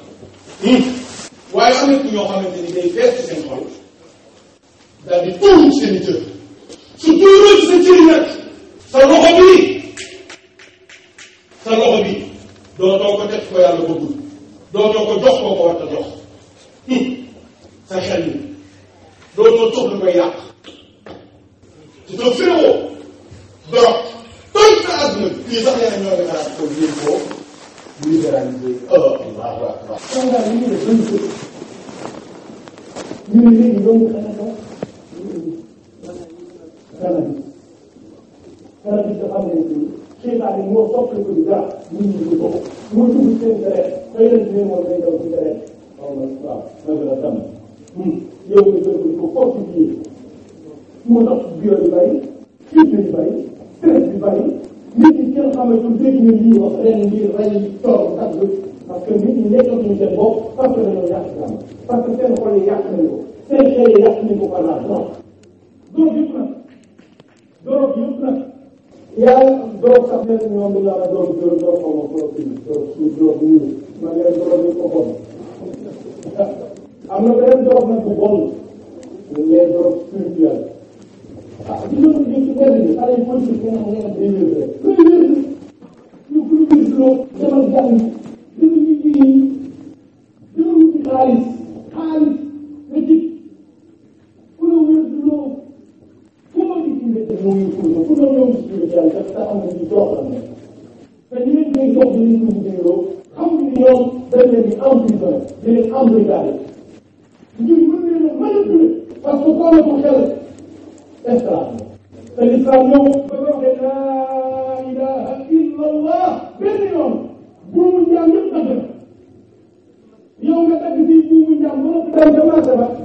waaye am na ñoo xamante ni day fees ci seen xol daal di tuur seen i cër su tuurul sa cër nag sa loxo bii sa loxo bii dootoo ko def ko yàlla bëggul dootoo ko jox koo ko a jox sa xel mi dootoo jox lu koy yàq te doo féewoo dorog toj sa àdduna bi kii sax nee na libéraliser alors Allahu akbar. Sénégal ñu ngi def benn chose ñu ne léegi doomu Canada Canada Canada bi nga xam ne nii seytaane moo soppali ko di jaax nit ñi di ko moo dugg seen deret xëy na dinañ moom day daw ci deret xaw ma waaw naka la tam yow nga jël ko di ko fortifier moo tax biir bi bari fiit bi bari stress bi bari nit ñi kenn xamatul dégg ñu lii wax ren lii rey toog tàggu parce que nit ñi nekkatuñu seen bopp parce que dañoo yàq la xol yi yàq nañu ko seen xel yi yàq nañu ko par l'argent. donc yëpp nag donc yëpp nag yàlla donc sax leen ñoom dañu la la doon jël doon xaw ma trop kii doon suuf doon wuyu ma leen doon ko bon am na beneen doon waaw loolu bi ci benn bi xale yi politique bi nga xam ne am day wér première bi ñu publicloo demal jàng dama liggéey dama wuti xaalis xaalis nga jig ku la wér loo ku ma di ci mbéte moo ngi suuf ku la ñëw si biir jàng parce que am na ñu jox am na te ñu leen koy jox dañu ko liggéeyloo xam ni ñoom dañ leen di emprisonné di leen embrigadé ngir mën leen a manipulé parce que xoolatu xel islam te islam yow ba nga waxee laa ilaha illa allah benn yoon buumu njaam yëpp dagg na yow nga dagg fii buumu njaam ba nga ko daan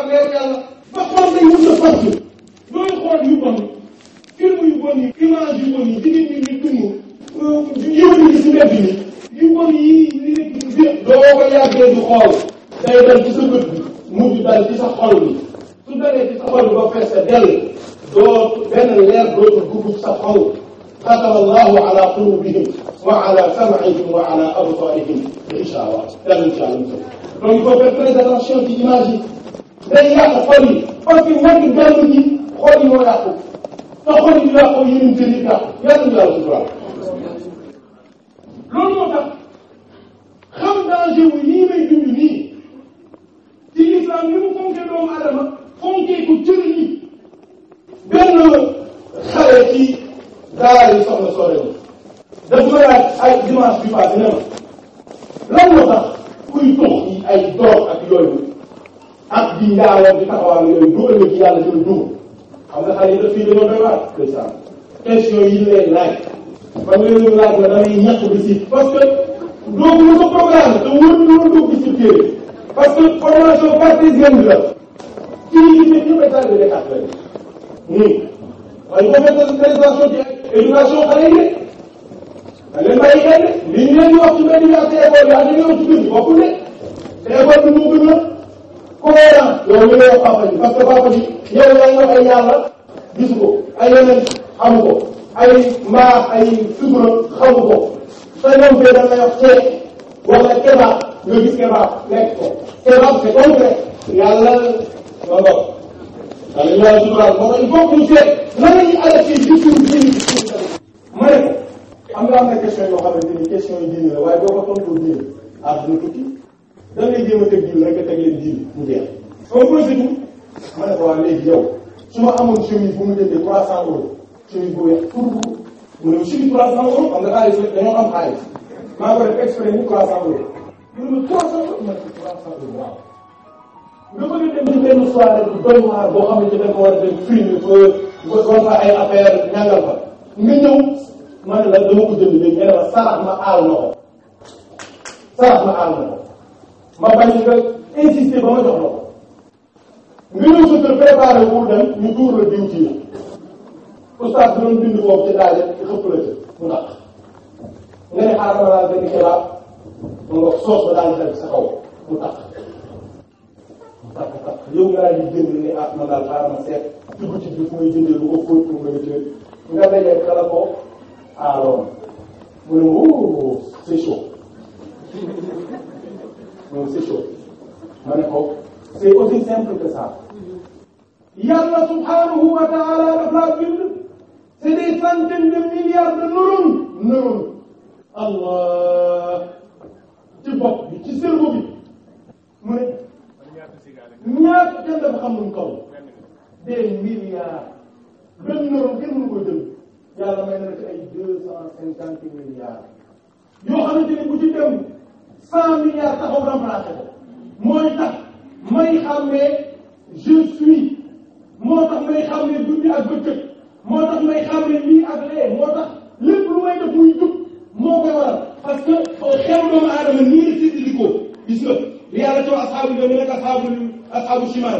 ak leeru yàlla ba xool nañ mën na fàttu looy xool yu bon film yu bon yi image yu bon yi jigéen ñi ñu dund yéwén yi si mbedd yi yu bon yi li nekk si biir doo ko yàggee di xool day dal ci sa bët bi mujj dal ci sa xol bi su dalee ci sa xol bi ba fees dell doo benn leer dootul dugg sa xol xatama allahu ala qulubihim wa ala sam'ihim wa ala absarihim incha allah daal incha allah donc il faut faire très attention ci image yi day yàq xol yi parce que ñàkk gàllu ji xol yi moo yàqu te xol yi di yàqu yéen jëli yàqu jaawoo di taxawal yooyu dugal nga ci yàlla ci lu dugg xam nga xale yi daf fii dañoo doy waar ndeysaan question yi ñu leen laaj ba nga leen laaj la damay ñàkk bi si parce que doo ko mos a programme te wóor na lu dugg ci téere parce que formation partisan la ci li ñu gis ñëpp état bi nekk ak ren nii waaye boo fekkee présentation ci éducation xale yi de da leen bàyyi xel li ñu leen di wax ci benn bi ak ci école bi ak li ñu wax ci dëgg bokkul de te école bi moo gën cohérent yow ñu ne papa ji parce que papa ji yow yaa ngi ay yàlla gisu ko ay yeneen xamu ko ay mbaa ay sutura xamu ko sa ñoom fee dañ lay wax ceeb wala kebab nga gis kebab lekk ko kebab c'est concret yàlla ma bokk wala ñoo suturaal moo tax il faut que ñu seet nan la ñuy adapté discours bi ñu discours ma ne ko am nga am na question yoo xamante ni question yi diine la waaye boo ko tontoo diine àdduna tukki da ngay jéem a teg diw rek nga teg leen diw mu jeex ba projet ma ne ko waa léegi yow su ma amoon chemise bu mu jëndee trois cent euros chemise bu weex pour mu ne chemise trois cent euros xam nga xaalis dañoo am xaalis maa ko def exprès ni trois cent euros mu ne trois cent euros ma ne ko trois cent euros waaw nga bëgg a dem benn soirée bu doy waar boo xam ne da nga ko war a dem film ba war fa ay affaire ñàngal fa nga ñëw ma ne la dama ko jënd léegi nga ne ma sarax ma aal na ko sarax ma aal na ko ma bañ nga ba ma jox nga ñëw sa kër préparé pour dem ñu tuur la diw ci yow. oustaz bi doon bind boobu ci daal di nga ne xaaral laa benn xibaar nga wax soos ba daal di sa kaw mu tax. tax tax yow nga daal di jënd ne ah man daal xaaral ma seet dugg ci biir fu may jëndee non c'est chaud ma ne ko c'est aussi simple que ça yàlla wa taala daf laa bind c'est des centaines de milliards allah ci bi ci cerveau bi mu ne ñaata kenn dafa xam lu kaw des milliards benn neurone kenn mënu ko jël yàlla may na ci ay deux cent cinquante milliards yoo bu ci dem cent milliards taxaw remplacé ko mooy tax may xàmmee je suis moo tax may xàmmee guddi ak bëccëg moo tax may xàmmee lii ak lee moo tax lépp lu may def muy jub moo koy waral parce que xeeru doomu aadama nii la séddilikoo gis nga li yàlla coow asxaabu dama nekk asxaabu asxaabu chimal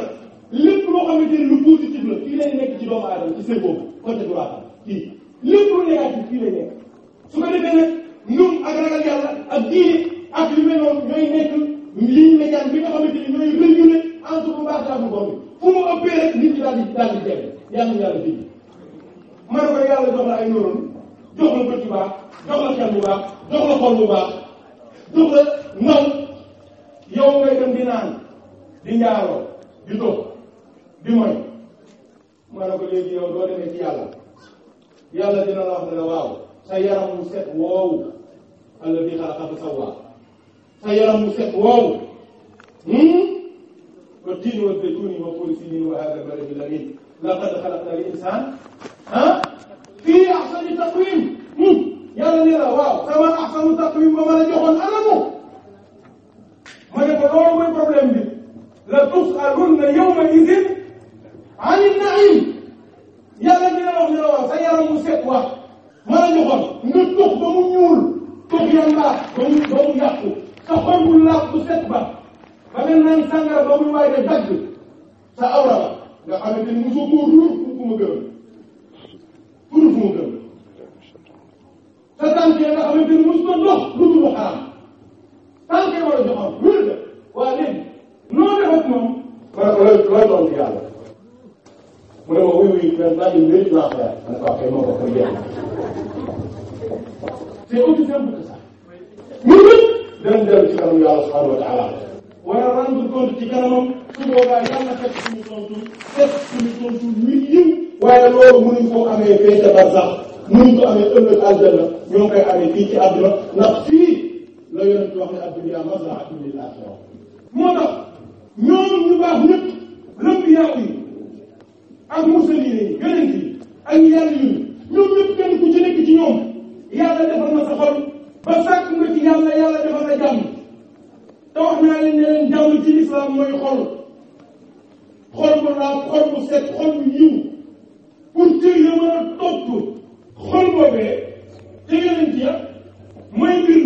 lépp loo xamante ni lu positif la fii nekk ci doomu aadama ci seen boobu côté droit fii lépp lu négatif fii lay nekk su ko defee nag ñoom ak ragal yàlla ak diine ak li mel noonu ñooy nekk ligne médiane bi nga xamante ni ñooy réguler entre bu baax taabu bopp bi fu mu ëppee rek nit ñi daal di daal di jege yàlla yàlla dégg. man ko yàlla jox la ay neurones jox la bët baax jox la xel bu baax jox la xol bu baax jox la ndaw yow ngay dem di naan di njaaroo di dox di moy man ko léegi yow doo demee ci yàlla yàlla dina la wax ne la waaw sa yaram mu set woowu alladhi khalaqa fa sawwa sa yaram mu set woowu hmm? wa tiini wa zaytuuni wa tuuri wa haadha al-baladi al-amiin laqad xalaqna al-insaana ah fii ahsani taqwiim hmm? yàlla nee na waaw sama ahsanu taqwiim ba ma la joxoon alamu ma ne ko loolu mooy problème bi la tus'alunna yawma idin ani na'iim yàlla nee na wax ne la waaw sa yaram mu set wax ma la joxoon nga tux ba mu ñuul tux yàlla ba mu ba mu yàqu sa xol bu laab bu set ba ba nga naan sàngara ba muy waay de dagg sa awra la nga xamante ni mosoo koo ruur pour ku ma gërëm pour ku ma gërëm sa tànk nga xamante ni mosoo dox lu dul xaram tànk war a joxoon wér la waa léegi noo def ak moom ma ne ko loolu loolu doon ci yàlla mu ne ma wuy wuy mais laaj yu bëri laa xalaat ma ne ko waxee ah, moo ko ko jeex c'est aussi simple que ça dana dellu ci kanam yàlla subhanahu wa taala war a rendre compte ci kanamam su boobaa yàlla fekk suñu tontu fekk suñu tontu ñu yiw waaye loolu mënuñ koo amee fee ca barsax mënuñ ko amee ëllëg aljanna ñoo koy amee fii ci àdduna ndax fii la yonent wax ne addunya mazra'atun lil akhirah moo tax ñoom ñu baax ñëpp lëmbiyaa yi ak mursaliin yi yonent yi ak yàlla yi ñoom ñëpp kenn ku ci nekk ci ñoom yàlla defal na sa xol ba sàkk nga ci yàlla yàlla defal la jàmm te wax naa leen ne leen jàmm ci lislaam mooy xol xol bu laab xol bu set xol bu yiw pour cër ya mën a topp xol boobee te yeneen ci yàpp mooy mbir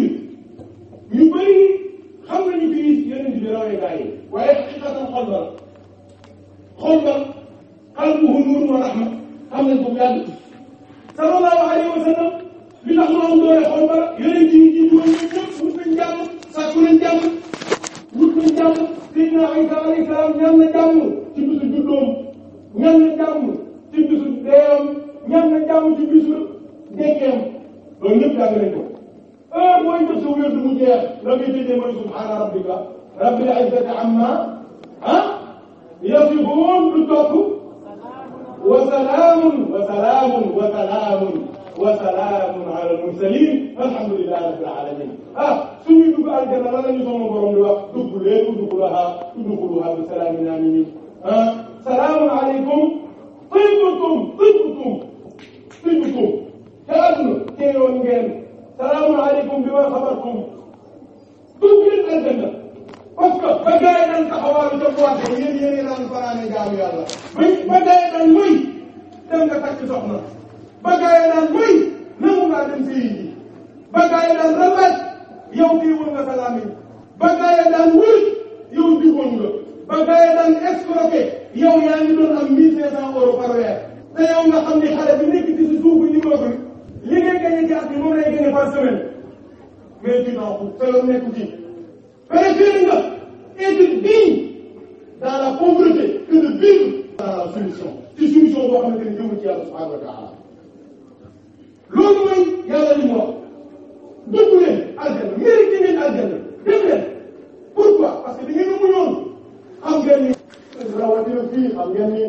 ñu bëri xam nga ñu biir yeneen ci bi rawee gaa yi waaye xaqiqatan xol ba la xol ba qalbuhu nuurun wa rahma xam nañ ko bu yàgg sallallahu alayhi wa sallam li tax mu am doole xool ba yeneen ji ji woon ñëpp wut nañ jàmm sàkku nañ jàmm wut nañ jàmm Seydina Isa alayhi salaam ñaan na jàmm ci bisu juddoom ñaan na jàmm ci bisu deewam ñaan na jàmm ci bisu dekkeem loolu ñëpp jàng nañ ko heure booy jot sa wér mu jeex la ngay tëjee mooy subhaana rabbika rabbil izzati amma ah yasifuun du topp wa salaamun wa salaamun wa salaamun wa salaamun ala al-mursalin alhamdulillahi rabbil alamin ah suñuy dugg aljanna lan la ñu sama borom di wax dugg leen udxuluha udxuluha bi salaamin amin ah salaamun alaykum tibtum tibtum tibtum ca àdduna teewoon ngeen salaamun alaykum bima sabartum dugg leen aljanna parce que ba gars yi daan taxawaalu ca boite yéen yéen daan fanaane jaamu yàlla ba ba gars yi daan mooy dem nga takk soxna ba gaa yi naan mooy nangu ngaa dem sëy yi ba gaa yi daan rafet yow bii woon nga sa làmmiñ ba gaa yi daan wër yow yaa ngi doon am mille cinq cent par weer te yow nga xam ne xale bi nekk ci sa suufu niveau li ngay gagné ci at bi moom lay gagné par semaine mais dina ko feloon nekk ci préféré nga être digne dans la pauvreté que de vivre dans la solution ci solution boo xamante ni jëmu ci yàlla subhanahu loolu mooy yàlla li mu wax dugg leen aljanna mérité ngeen aljanna dem leen pourquoi parce que di ngeen mu ñoon xam ngeen ni rawatina fii xam ngeen ni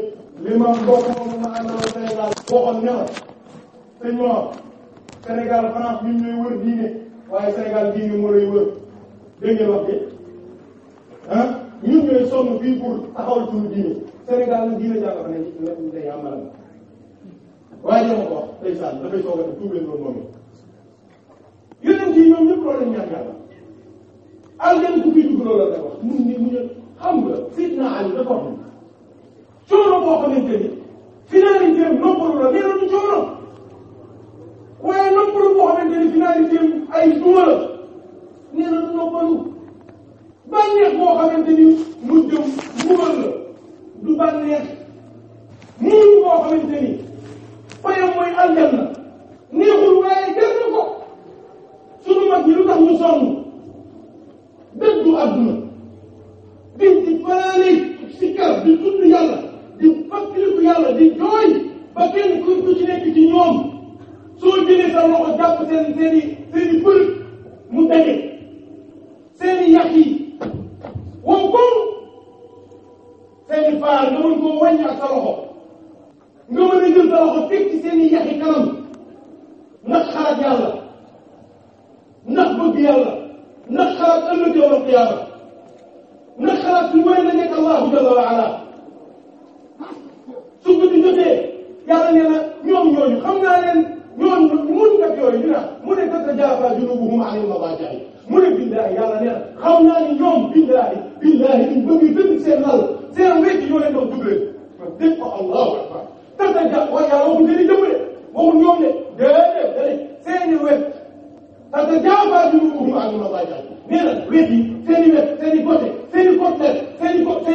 li ma mbokk moom ma àndal Sénégal waxoon ne ma sëñ Mor Sénégal France ñun ñooy wër diine waaye Sénégal diine moo lay wër dégg ngeen wax de ah ñun ñooy sonn fii pour taxawal suñu diine Sénégal diine jàll fa ne day amal waaye ñoo ma ko wax ndeysaan dafay soog a def tuub leen loolu moom it yeneen yi ñoom ñëpp loolu lañ ñaan yàlla algen ku fii loolu la wax mun ni mu ne xam nga Seydina Ali dafa wax coono boo xamante ni finalité am noppalu la nee na du coono waaye noppalu boo xamante ni finalité am ay duma la nee na du noppalu bànneex boo xamante ni mu jëm mbugal la du bànneex muur boo xamante ni fayam mooy aljanna neexul waaye jënd ko sunu mag yi lu tax ñu sonn dëddu adduna di di balaale sikkar di tudd yàlla di fàttaliku yàlla di jooy ba kenn ku ci nekk ci ñoom soo jëlee sa loxo jàpp seen seen i seen i përëb mu daje seen i yàq yi wow ko seen i faar koo wàññi sa loxo. nga mën a jël sa loxo teg ci seen i yaxi kanam ndax xalaat yàlla ndax bëgg yàlla ndax xalaat ëllëg yowma qiyaama ndax xalaat su wéy na nekk allahu jalla wa ala su guddi jotee yàlla nee na ñoom ñooñu xam naa leen ñoom mun kat yooyu dina mu ne tatajaafaa junubuhum anil madaaji'i mu ne billaahi yàlla nee na xam naa ni ñoom billaahi billaahi ñu bëgg dëgg seen lal seen wecc yoo leen dox dugg leen dégg ko allahu akbar dëgg la waaye yàlla waxuñu leen di jëmbale waxuñu ñoom de déedéet déedéet seeni wet parce que jaabaar bi mu mu ànd na bàyyi nee na wet yi seeni wet seeni côté seeni côté seeni côté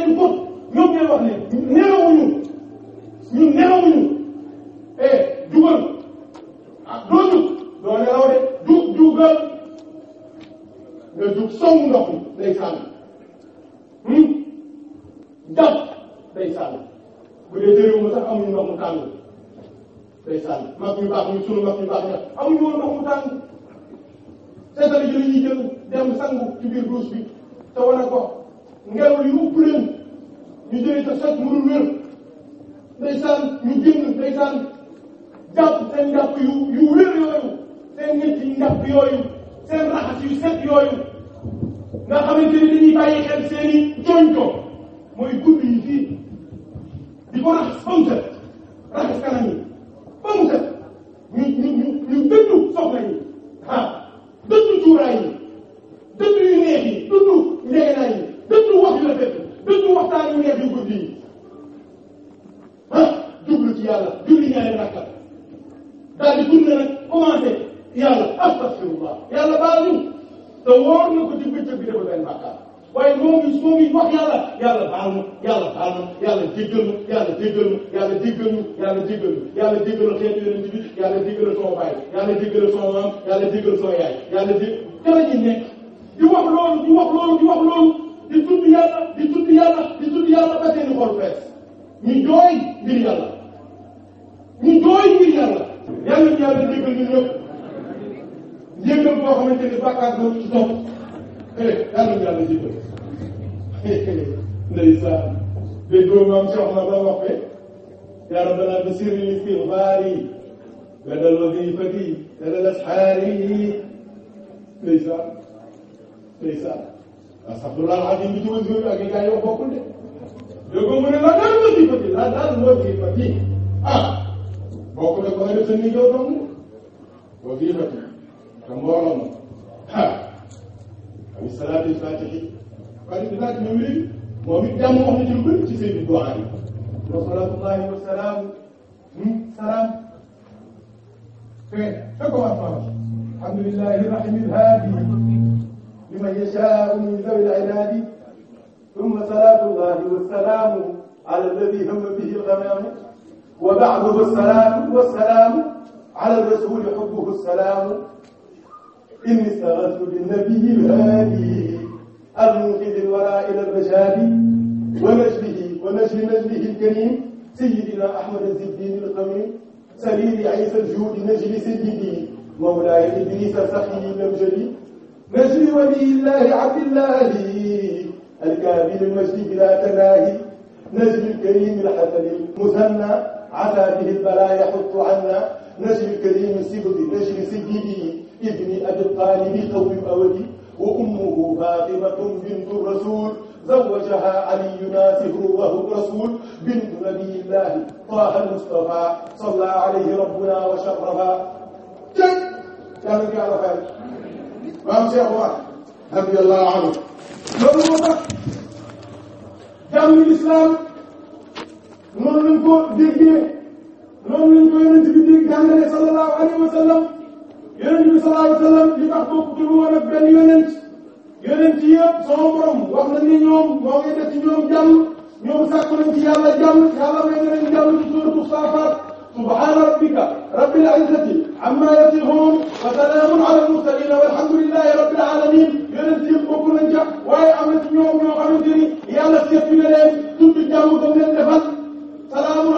daal daal wasifa bi ah bokk na ko nga def sa nit doo dong wasifa bi te mbooloo ma ah am salaatul faatihi parce que daal ñoom it moom it jàmm wax na ci lu bëri ci seen i doxal yi. wa salaatullahi wa salaam hmm, salaam te te commencement bi alhamdulillahi rahmil haadi liman yashaa'u min zawil ibaadi thumma salaatullahi wa salaamu على الذي هم به الغمام وبعده السلام والسلام على الرسول حبه السلام إني سألت للنبي الهادي المنقذ الورى إلى الرشاد ونجله ونجل نجله الكريم سيدنا أحمد الزبدين القميم سبيل عيسى الجود نجل سيدي مولاي إدريس سخي المجلي نجل ولي الله عبد الله الكامل المجد بلا تناهي نجل الكريم الحسني مثنى عسى به البلا يحط عنا نجل الكريم السبطي نجل سيدي ابن أبي الطالب قوم أودي وأمه فاطمة بنت الرسول زوجها علي ناسه وهو رسول بنت نبي الله طه المصطفى صلى عليه ربنا وشرفا جد كانوا في عرفات maam Cheikh wax radiyallahu anhu loolu moo tax jàmm lislaam noonu lañ ko déggee noonu lañ ko yonent bi dégg jàngale sallallahu alayhi wa sallam yonent bi sallallahu alayhi wa yonent yonent yëpp sama borom wax na ni ñoom moo ngi ci ñoom jàmm ñoom sàkk ci yàlla jàmm yàlla may na ci suuratu Saafaat subhaana rabbika rabbil izzati amma yasifuun wa salaamun ala al-mursaliin walhamdulillahi rabbil aalamiin yonent yëpp bokk nañ ca waaye am na ci ñoom ñoo xamante ni yàlla seet bi na leen tudd jàmm ba mu leen defal salaam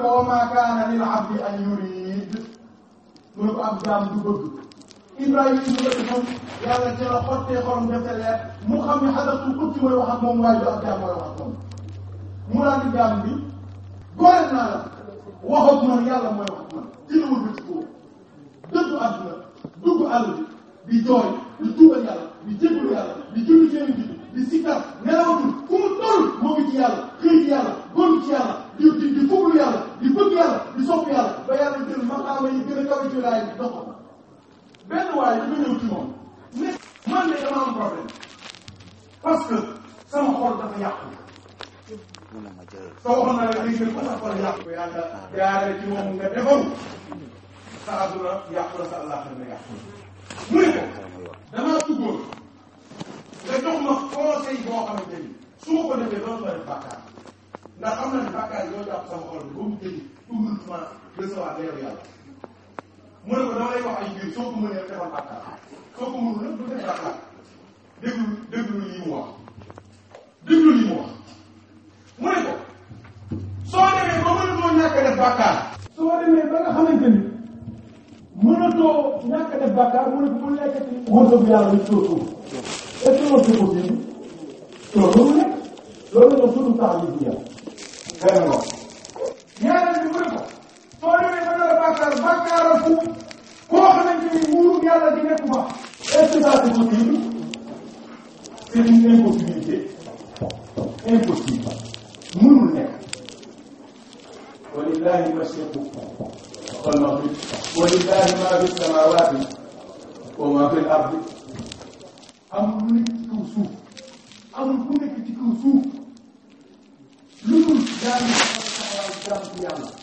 ne ko wa maa kaana lil abdi an yurid mu ne ko ab jaam du bëgg Ibrahima mu nekk moom yàlla ci la xottee xorom defee leer mu xam ne xadatul qudsi mooy wax ak moom waaye du ab jaam mooy wax ak moom mu daal di jaam bi góoreel naa la waxoon man yàlla mooy wax man ci lu wër ci kaw dëddu àdduna dugg àll bi di jooy di tuubal yàlla di jéggalu yàlla di julli seen bi di sikka nelawatul fu mu toll moo ngi ci yàlla xëy ci yàlla góor ci di di di di bëgg yàlla di sopp yàlla ba yàlla jël maqaama yi gën a man de dama sama xol dafa yàqu. soo waxoon naa la day jël ba sa xol yàqu. yàlla jaaree ci moom nga nga jox ma conseil boo xamante ni su ma ko defee doon ma def bàkkaar ndax xam na ne bàkkaar yi ñoo jàpp sama xol bi ba mu tëj publiquement recevoir da yow yàlla mu ne ko dama lay wax ay mbir soo ko mënee defal bàkkaar soo ko mënul nag du def bàkkaar déglu déglu lii mu wax déglu lii mu wax mu ne ko soo demee ba mënatoo ñàkk a def bàkkaar soo demee ba nga xamante ni mënatoo ñàkk a def bàkkaar mu ne ko bu lekkati wërsëgu yàlla ñu soo suuf est-ce que loolu c'est possible non loolu nekk loolu la suñu tax yi ñu vraiment. ñaareel bi mu ne ko soo demee ba dara bàkkaar bàkkaar fu koo xamante ni nguuru yàlla di nekk fa est-ce que ça c'est possible c'est une impossibilité impossible mënul nekk. walillahi mashriqu wal maghrib walillahi ma fi samawati wa ma fi al ardi amul lu nekk ci kaw suuf amul ku nekk ci kaw suuf lu dul jaam yi jaam ci yàlla